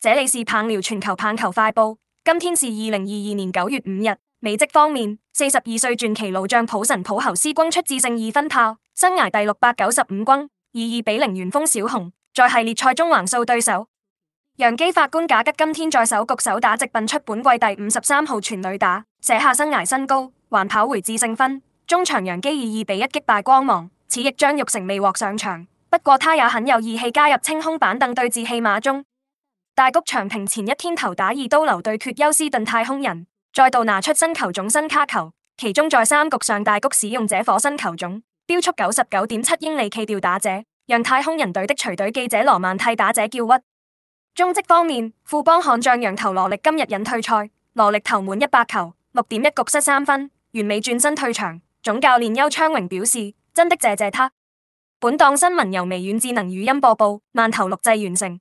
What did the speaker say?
這裡是棒聊全球棒球快報，今天是二零二二年九月五日。美職方面，四十二歲傳奇老將普神普侯斯轟出致勝二分炮，生涯第六百九十五轟，以二比零完封小熊。在系列賽中橫掃對手，洋基法官賈吉今天在首局首打直奔出本季第五十三號全壘打，寫下生涯新高，還跑回致勝分。中場洋基以二比一擊敗光芒，此役張玉成未獲上場，不過他也很有義氣加入清空板凳對峙戲碼中。大谷翔平前一天投打二刀流對決休斯頓太空人，再度拿出新球種新卡球，其中在三局上大谷使用這顆新球種，飆速九十九點七英里棄掉打者，讓太空人隊的隨隊記者羅曼替打者叫屈。中職方面，富邦悍將洋投羅力今日引退賽，羅力投滿一百球，六點一局失三分，完美轉身退場。總教練邱昌榮表示：真的謝謝他。本檔新聞由微軟智能語音播報，曼投錄製完成。